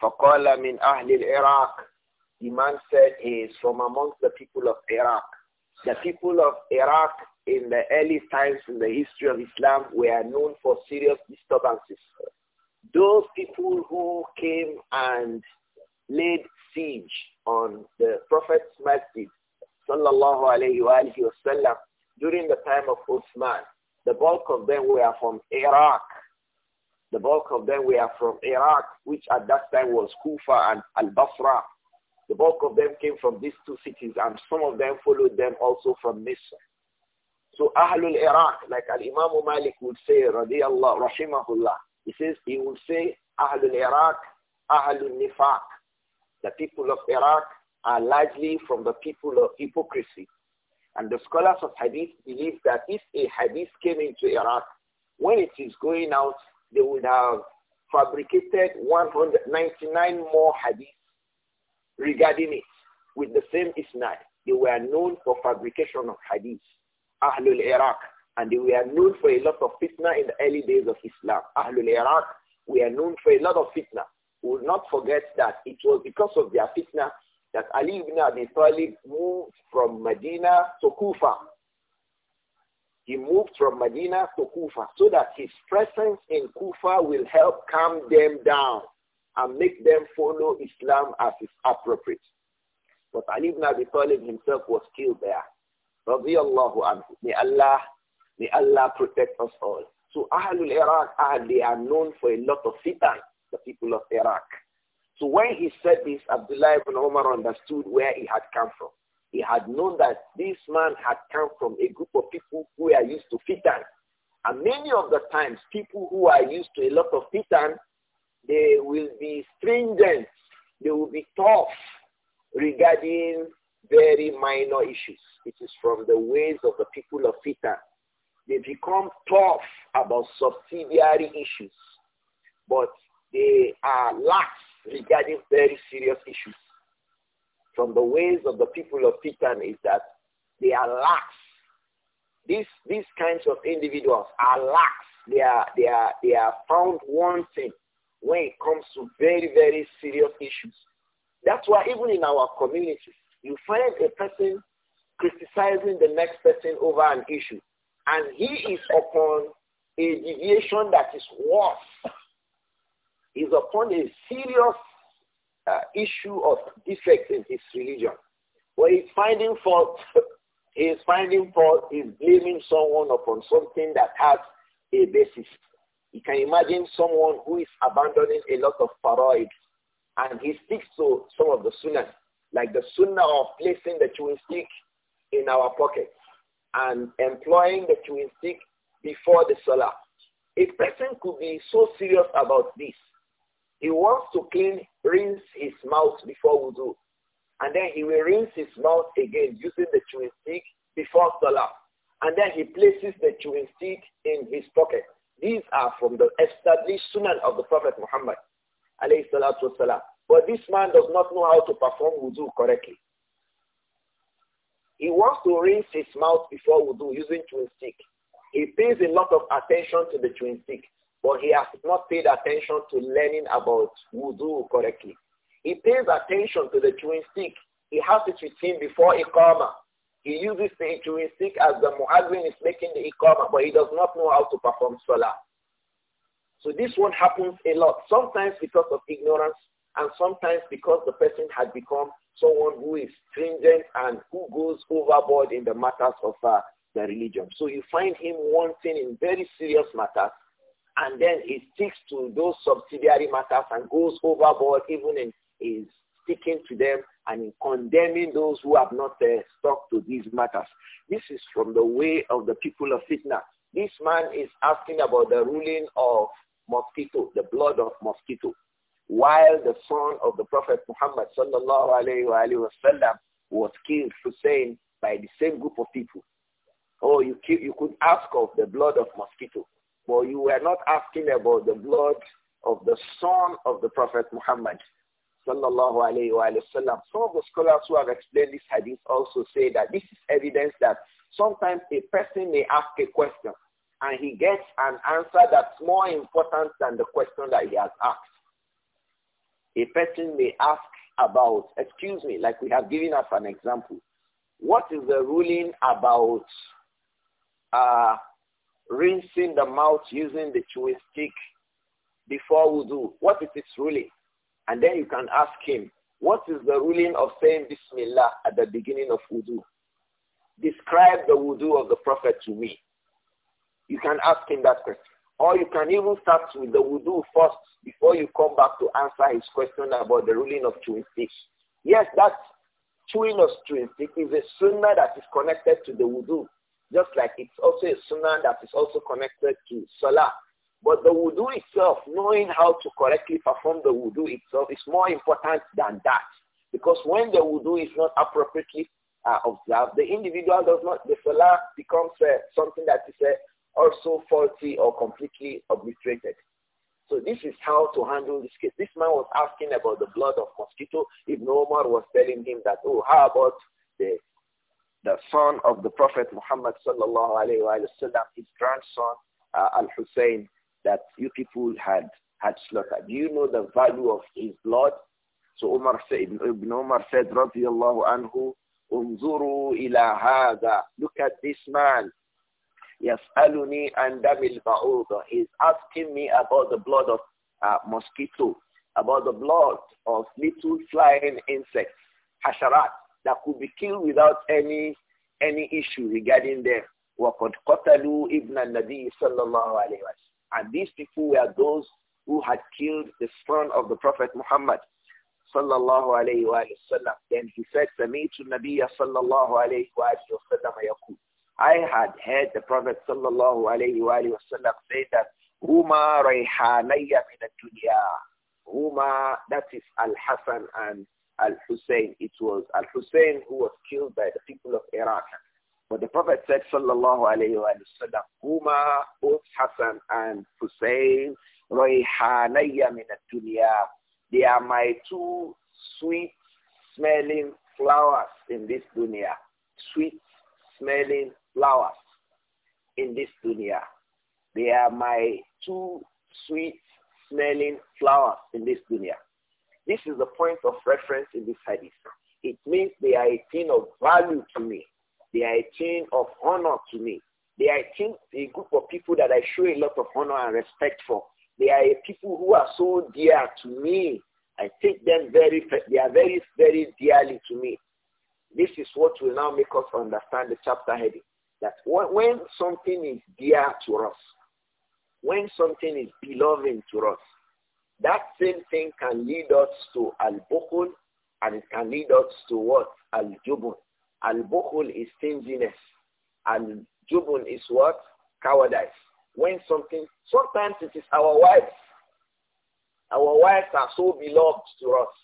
min ahli al الْعِرَاقِ The man said he is from amongst the people of Iraq. The people of Iraq in the early times in the history of Islam were known for serious disturbances those people who came and laid siege on the Prophet's masjid, sallallahu alayhi wa wasallam, during the time of Uthman, the bulk of them were from Iraq. The bulk of them were from Iraq, which at that time was Kufa and Al-Basra. The bulk of them came from these two cities, and some of them followed them also from Misr. So Ahlul Iraq, like Al-Imam Malik would say, radiyallahu, rahimahullah, he says he will say Ahlul Iraq, Ahlul Nifaq. The people of Iraq are largely from the people of hypocrisy. And the scholars of hadith believe that if a hadith came into Iraq, when it is going out, they would have fabricated 199 more hadiths regarding it with the same isnad. They were known for fabrication of hadiths. Ahlul Iraq, and they were known for a lot of fitna in the early days of Islam. Ahlul Iraq were known for a lot of fitna. We will not forget that it was because of their fitna that Ali ibn Abi Talib moved from Medina to Kufa. He moved from Medina to Kufa so that his presence in Kufa will help calm them down and make them follow Islam as is appropriate. But Ali ibn Abi Talib himself was killed there. May Allah May Allah protect us all. So Ahlul Iraq, ah, they are known for a lot of fitan, the people of Iraq. So when he said this, Abdullah ibn Omar understood where he had come from. He had known that this man had come from a group of people who are used to fitan. And many of the times, people who are used to a lot of fitan, they will be stringent. They will be tough regarding very minor issues. It is from the ways of the people of fitan they become tough about subsidiary issues, but they are lax regarding very serious issues. From the ways of the people of Titan is that they are lax. These, these kinds of individuals are lax. They are, they, are, they are found wanting when it comes to very, very serious issues. That's why even in our communities, you find a person criticizing the next person over an issue and he is upon a deviation that is worse. He's upon a serious uh, issue of defect in his religion. Where he's finding fault, he's finding fault, he's blaming someone upon something that has a basis. You can imagine someone who is abandoning a lot of parades and he sticks to some of the sunnah, like the sunnah of placing the chewing stick in our pocket and employing the twin stick before the salah. A person could be so serious about this. He wants to clean, rinse his mouth before wudu. And then he will rinse his mouth again using the chewing stick before salah. And then he places the chewing stick in his pocket. These are from the established sunnah of the Prophet Muhammad. But this man does not know how to perform wudu correctly. He wants to rinse his mouth before wudu using twin stick. He pays a lot of attention to the twin stick, but he has not paid attention to learning about wudu correctly. He pays attention to the twin stick. He has it with him before ikama. He uses the twin stick as the Muazzin is making the ikama, but he does not know how to perform Salah. So this one happens a lot, sometimes because of ignorance, and sometimes because the person had become someone who is stringent and who goes overboard in the matters of uh, the religion. So you find him wanting in very serious matters and then he sticks to those subsidiary matters and goes overboard even in his sticking to them and in condemning those who have not uh, stuck to these matters. This is from the way of the people of fitna. This man is asking about the ruling of mosquito, the blood of mosquito while the son of the Prophet Muhammad sallallahu alayhi wa sallam, was killed, Hussein, by the same group of people. Oh, you, you could ask of the blood of mosquito, but you were not asking about the blood of the son of the Prophet Muhammad sallallahu alayhi wa sallam. Some of the scholars who have explained this hadith also say that this is evidence that sometimes a person may ask a question and he gets an answer that's more important than the question that he has asked a person may ask about, excuse me, like we have given us an example, what is the ruling about uh, rinsing the mouth using the chewing stick before wudu? What is its ruling? And then you can ask him, what is the ruling of saying Bismillah at the beginning of wudu? Describe the wudu of the Prophet to me. You can ask him that question. Or you can even start with the wudu first before you come back to answer his question about the ruling of chewing stick. Yes, that chewing of chewing stick is a sunnah that is connected to the wudu, just like it's also a sunnah that is also connected to salah. But the wudu itself, knowing how to correctly perform the wudu itself is more important than that. Because when the wudu is not appropriately uh, observed, the individual does not, the salah becomes uh, something that is uh, also faulty or completely obliterated. So this is how to handle this case. This man was asking about the blood of mosquito. Ibn Omar was telling him that, oh, how about the the son of the Prophet Muhammad sallallahu alayhi wa sallam, his grandson uh, Al-Hussein, that you people had had slaughtered. Do you know the value of his blood? So Umar said, Ibn Umar said, radiyallahu anhu, unzuru ila hada. Look at this man. Yas'aluni and David Ba'uda. He's asking me about the blood of uh, mosquito, about the blood of little flying insects, hasharat, that could be killed without any any issue regarding them. Waqad qatalu ibn النَّبِيِّ صَلَّى اللَّهُ عَلَيْهِ And these people were those who had killed the son of the Prophet Muhammad sallallahu alayhi wa sallam. Then he said, سَمِيتُ Nabiya sallallahu اللَّهُ عَلَيْهِ I had heard the Prophet sallallahu alayhi wa sallam say that Huma rayhanayya min dunya Huma, that is Al-Hassan and Al-Hussein. It was Al-Hussein who was killed by the people of Iraq. But the Prophet said, sallallahu alayhi wa sallam, Huma, both Hassan and Hussein, rayhanayya min dunya They are my two sweet smelling flowers in this dunya. Sweet smelling flowers in this dunya. They are my two sweet smelling flowers in this dunya. This is the point of reference in this hadith. It means they are a thing of value to me. They are a thing of honor to me. They are a, thing, a group of people that I show a lot of honor and respect for. They are people who are so dear to me. I take them very, they are very, very dearly to me. This is what will now make us understand the chapter heading. That when something is dear to us, when something is beloved to us, that same thing can lead us to al-bukhul and it can lead us to what? Al-jubun. Al-bukhul is stinginess. Al-jubun is what? Cowardice. When something, sometimes it is our wives. Our wives are so beloved to us.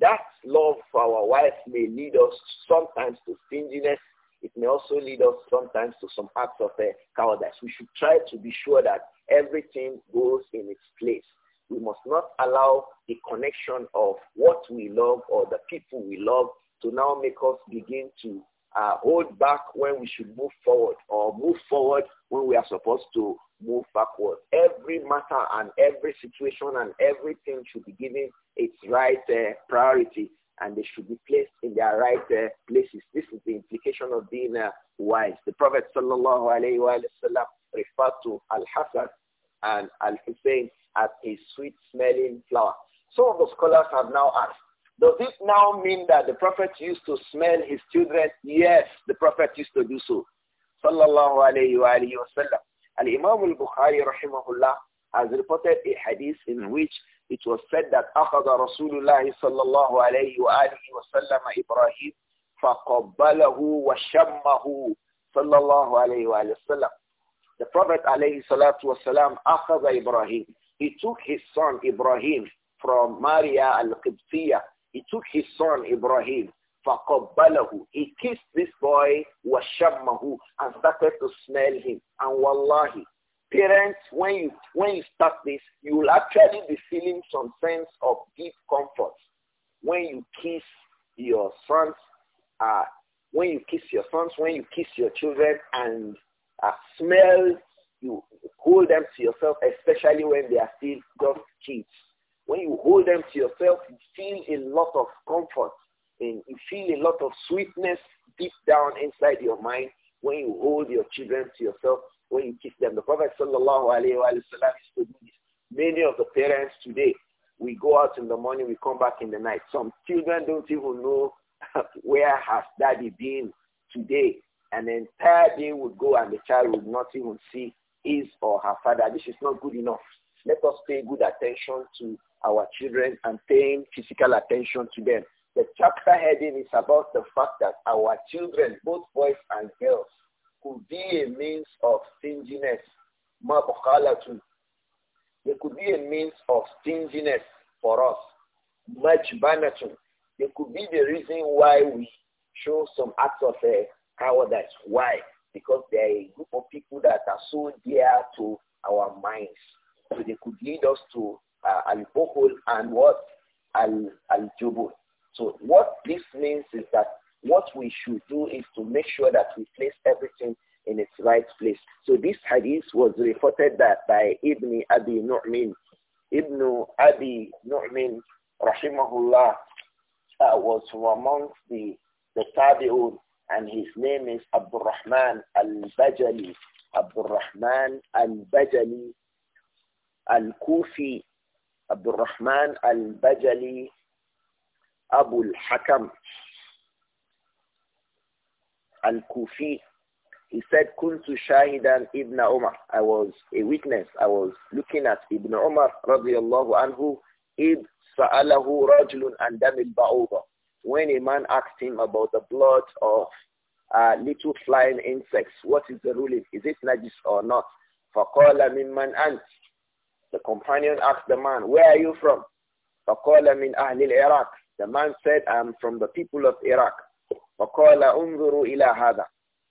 That love for our wives may lead us sometimes to stinginess it may also lead us sometimes to some acts of uh, cowardice. We should try to be sure that everything goes in its place. We must not allow the connection of what we love or the people we love to now make us begin to uh, hold back when we should move forward or move forward when we are supposed to move backward. Every matter and every situation and everything should be given its right uh, priority and they should be placed in their right uh, places. This is the implication of being uh, wise. The Prophet sallallahu alaihi wasallam referred to Al-Hasan and Al-Hussein as a sweet-smelling flower. Some of the scholars have now asked, does it now mean that the Prophet used to smell his children? Yes, the Prophet used to do so. Sallallahu alayhi wa alayhi wa sallam. Al-Imam al-Bukhari rahimahullah has reported a hadith in which it was said that أخذ رسول الله صلى الله عليه وآله وسلم إبراهيم فقبله وشمه صلى الله عليه وآله وسلم. The Prophet عليه الصلاة والسلام أخذ إبراهيم. He took his son Ibrahim from Maria al-Qibtiyah. He took his son Ibrahim فَقَبَّلَهُ He kissed this boy وَشَمَّهُ and started to smell him. And wallahi, parents, when you, when you start this, you will actually be feeling some sense of deep comfort when you kiss your sons, uh, when you kiss your sons, when you kiss your children and uh, smell, you hold them to yourself, especially when they are still just kids. When you hold them to yourself, you feel a lot of comfort and you feel a lot of sweetness deep down inside your mind when you hold your children to yourself when you kiss them. The Prophet sallallahu alayhi wa sallam used to do this. Many of the parents today, we go out in the morning, we come back in the night. Some children don't even know where has daddy been today. An entire day would go and the child would not even see his or her father. This is not good enough. Let us pay good attention to our children and paying physical attention to them. The chapter heading is about the fact that our children, both boys and girls, could be a means of stinginess. Mabkhalatu. They could be a means of stinginess for us. Majbanatu. They could be the reason why we show some acts of uh, cowardice. Why? Because they are a group of people that are so dear to our minds. So they could lead us to uh, alcohol and what? Al-jubul. so what this means is that what we should do is to make sure that we place everything in its right place. So this hadith was reported that by Ibn Abi Nu'min. Ibn Abi Nu'min, rahimahullah, uh, was from amongst the, the Tabi'un, and his name is Abu Rahman al-Bajali. Abu Rahman al-Bajali al-Kufi. Abu Rahman al-Bajali Abu al-Hakam al-Kufi, he said, Kuntu Shahidan Ibn Umar. I was a witness. I was looking at Ibn Umar radiallahu anhu, Ib Sa'alahu Rajulun andamil Ba'uba. When a man asked him about the blood of uh, little flying insects, what is the ruling? Is it najis or not? فَقَالَ مِمَّنْ ant. The companion asked the man, where are you from? min ahli al Iraq. The man said, I'm from the people of Iraq. فقال انظروا إلى هذا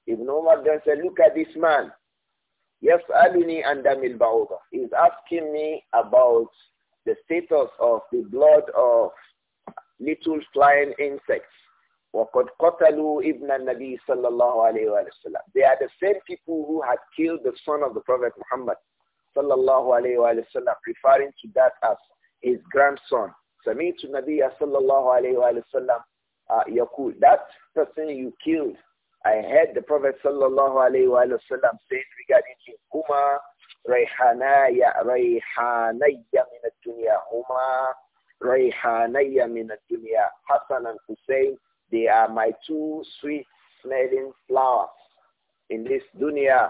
Ibn Umar then said, look at this man. يسألني عن دم البعوضة. He's asking me about the status of the blood of little flying insects. وقد قتلوا ابن النبي صلى الله عليه وسلم. They are the same people who had killed the son of the Prophet Muhammad صلى الله عليه وسلم, referring to that as his grandson. سمعت النبي صلى الله عليه وسلم uh, Yaqul, that person you killed, I heard the Prophet sallallahu alayhi wa sallam saying regarding him, Huma rayhanaya rayhanaya min dunya Huma rayhanaya min dunya Hassan and Hussein, they are my two sweet smelling flowers in this dunya.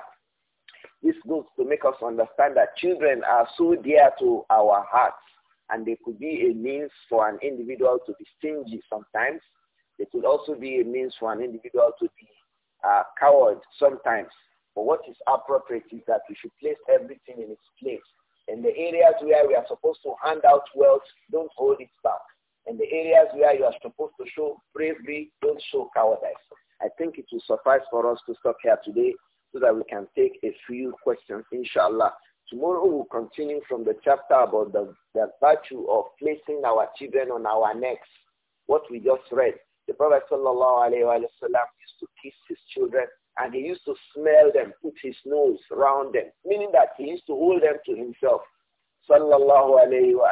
This goes to make us understand that children are so dear to our hearts and they could be a means for an individual to be stingy sometimes it could also be a means for an individual to be uh, coward sometimes. But what is appropriate is that we should place everything in its place. In the areas where we are supposed to hand out wealth, don't hold it back. In the areas where you are supposed to show bravery, don't show cowardice. I think it will suffice for us to stop here today so that we can take a few questions, inshallah. Tomorrow we'll continue from the chapter about the, the virtue of placing our children on our necks, what we just read. The Prophet sallallahu used to kiss his children and he used to smell them, put his nose round them, meaning that he used to hold them to himself. Sallallahu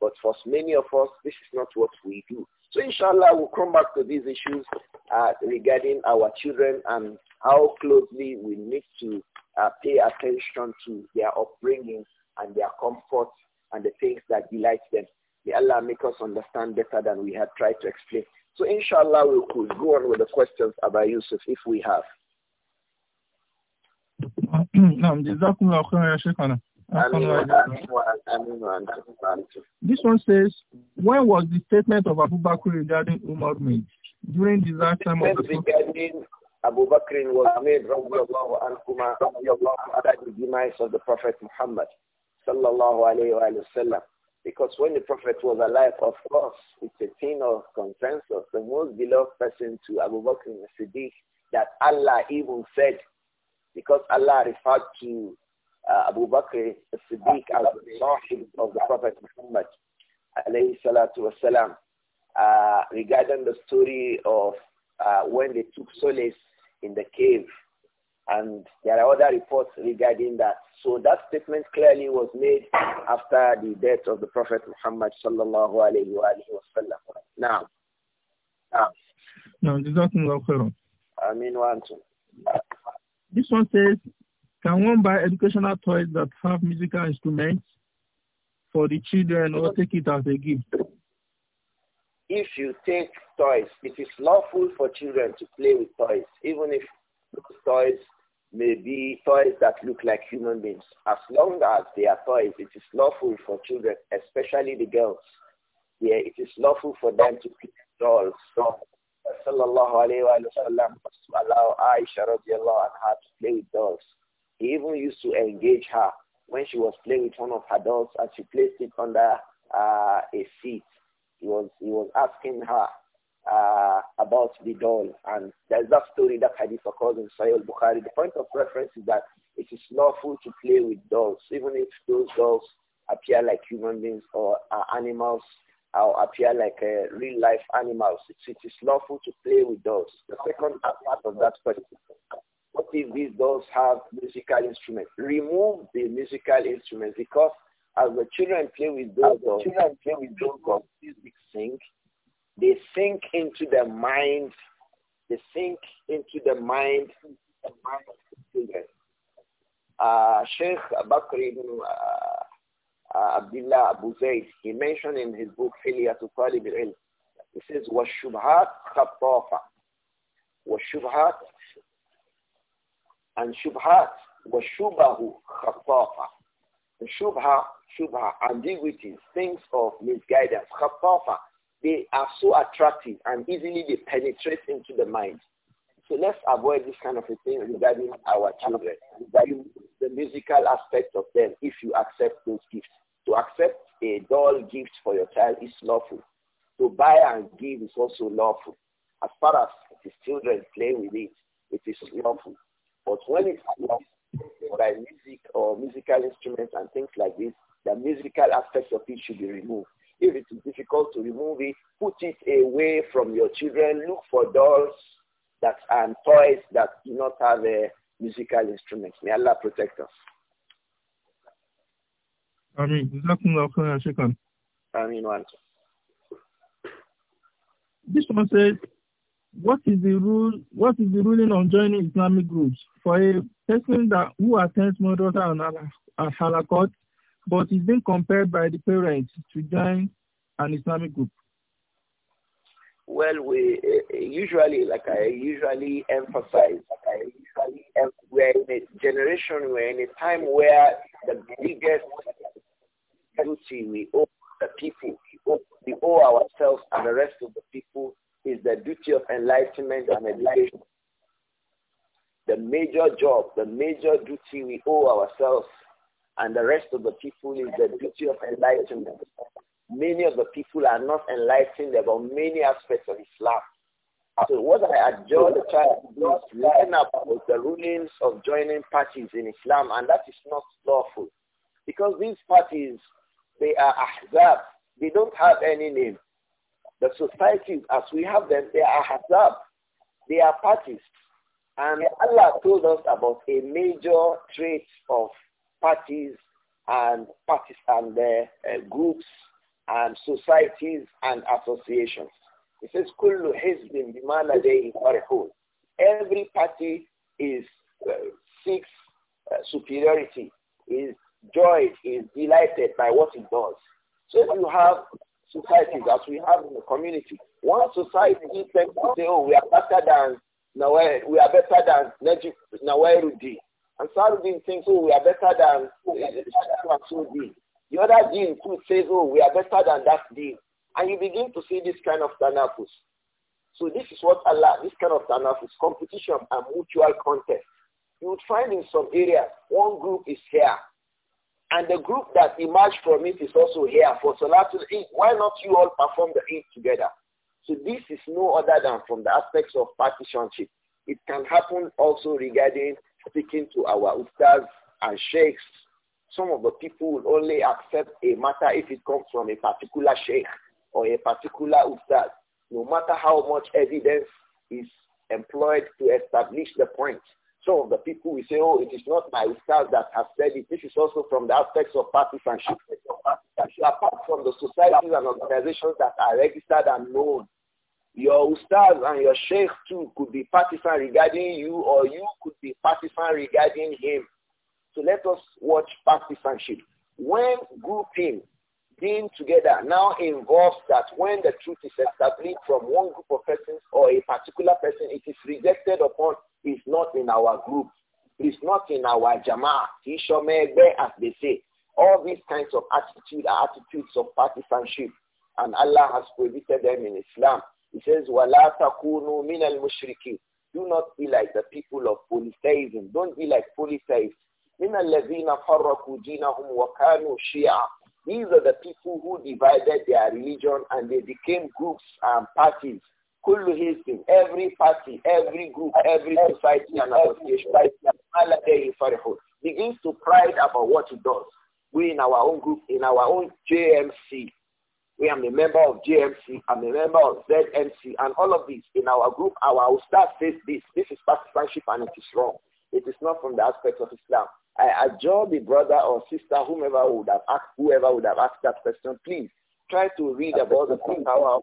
But for many of us, this is not what we do. So inshallah, we'll come back to these issues uh, regarding our children and how closely we need to uh, pay attention to their upbringing and their comfort and the things that delight them. May Allah make us understand better than we had tried to explain. So inshallah, we could go on with the questions about Yusuf if we have. this one says, when was the statement of Abu Bakr regarding Umar made? During the last time of the regarding Abu Bakr was made radiallahu anhuma radiallahu ala the demise of the Prophet Muhammad sallallahu alayhi wa sallam. Because when the Prophet was alive, of course, it's a thing of consensus. The most beloved person to Abu Bakr Siddiq that Allah even said, because Allah referred to uh, Abu Bakr Siddiq as the Sahib of the Prophet Muhammad alayhi salatu wasalam, uh, regarding the story of uh, when they took solace in the cave and there are other reports regarding that. So that statement clearly was made after the death of the Prophet Muhammad sallallahu alayhi wa sallam. Now. Now. No, I mean one, two. This one says, can one buy educational toys that have musical instruments for the children or take it as a gift? If you take toys, it is lawful for children to play with toys, even if those toys may be toys that look like human beings. As long as they are toys, it is lawful for children, especially the girls. Yeah, it is lawful for them to pick dolls. So, Sallallahu Alaihi Wasallam wa allow Aisha radiallahu anha to play with dolls. He even used to engage her when she was playing with one of her dolls and she placed it under uh, a seat. He was, he was asking her, uh, about doll, And there's that story that hadith occurs in Sahih al-Bukhari. The point of reference is that it is lawful to play with dolls, even if those dolls appear like human beings or animals or appear like uh, real-life animals. it is lawful to play with dolls. The second part of that question, what if these dolls have musical instruments? Remove the musical instruments because as the children play with those dolls, children play with those dolls, music sing, they sink into the mind. They sink into the mind, the mind of children. Uh, Sheikh Bakr ibn uh, uh, Abdullah Abu Zayd, he mentioned in his book Hilyatul Talib al he says, وَالشُّبْهَاتْ خَطَّافَةً وَالشُّبْهَاتْ and shubhat وَالشُّبَهُ خَطَّافَةً and shubha, shubha, ambiguities, things of misguidance, خَطَّافَةً they are so attractive and easily they penetrate into the mind. So let's avoid this kind of a thing regarding our children, regarding the musical aspect of them if you accept those gifts. To accept a doll gift for your child is lawful. To buy and give is also lawful. As far as the children play with it, it is lawful. But when it's lawful by music or musical instruments and things like this, the musical aspect of it should be removed. If it is difficult to remove it, put it away from your children. Look for dolls that and toys that do not have a uh, musical instruments. May Allah protect us. Ameen. Jazakumullah khairan, Shaitan. Ameen. This one says, what is the rule? What is the ruling on joining Islamic groups for a person that who attends Madrasa and Al Halakot but it's been compared by the parents to join an Islamic group? Well, we uh, usually, like I usually emphasize, like I usually em- we're in a generation, we're in a time where the biggest duty we owe the people, we owe, we owe ourselves and the rest of the people is the duty of enlightenment and education. The major job, the major duty we owe ourselves and the rest of the people is the duty of enlightenment. Many of the people are not enlightened about many aspects of Islam. So what I adjure the child to do is line up with the rulings of joining parties in Islam, and that is not lawful. Because these parties, they are ahzab. They don't have any name. The societies, as we have them, they are ahzab. They are parties. And Allah told us about a major trait of parties and parties and uh, uh, groups and societies and associations. It says, "Kullu hizbin bima ladayhi farihun." Every party is uh, seeks uh, superiority, is joyed, is delighted by what it does. So if you have societies as we have in the community, one society tends to say, "Oh, we are better than Nawai, we are better than Najib Nawairudi." And Sarudin thinks, oh, we are better than uh, so did. The other dean too says, oh, we are better than that dean. And you begin to see this kind of tanafus. So this is what Allah, this kind of tanafus, competition and mutual contest. You would find in some areas, one group is here. And the group that emerged from it is also here for Salatul Eid. Why not you all perform the Eid together? So this is no other than from the aspects of partisanship. It can happen also regarding speaking to our ustads and sheikhs, some of the people will only accept a matter if it comes from a particular sheikh or a particular ustad, no matter how much evidence is employed to establish the point. Some of the people will say, oh, it is not my ustad that has said it. This is also from the aspects of partisanship, apart from the societies and organizations that are registered and known your ustaz and your sheikh too could be partisan regarding you or you could be partisan regarding him. So let us watch partisanship. When grouping, being together now involves that when the truth is established from one group of persons or a particular person, it is rejected upon is not in our group, is not in our jama'ah, as they say. All these kinds of attitude are attitudes of partisanship and Allah has prohibited them in Islam. He says, وَلَا تَكُونُوا مِنَ الْمُشْرِكِينَ Do not be like the people of polytheism. Don't be like polytheists. مِنَ الَّذِينَ فَرَّقُوا دِينَهُمْ وَكَانُوا شِيَعًا These are the people who divided their religion and they became groups and parties. كل حزب, every party, every group, every society and association. Begins to pride about what it does. We in our own group, in our own JMC, we am a member of JMC. I'm a member of ZMC and all of these. In our group, our staff says this. This is partisanship and it is wrong. It is not from the aspect of Islam. I adjure the brother or sister, whomever would have asked, whoever would have asked that question, please try to read about the power,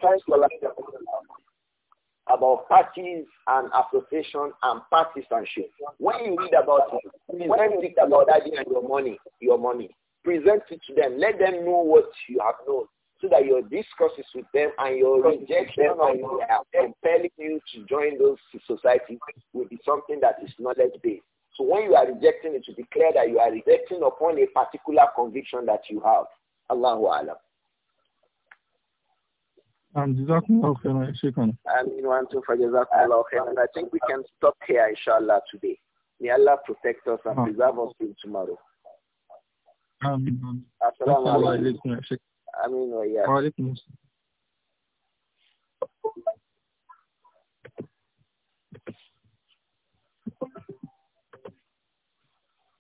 about parties and association and partisanship. When you read about it, when you read about that and your money, your money, present it to them. Let them know what you have known so that your discourses with them and your rejection and your compelling you to join those societies will be something that is knowledge-based. So when you are rejecting it, to be clear that you are rejecting upon a particular conviction that you have. Allahu Alam. Um, um, and I think we can stop here, inshallah, today. May Allah protect us and ah. preserve us till tomorrow. Um, um Assalamu I mean, yeah.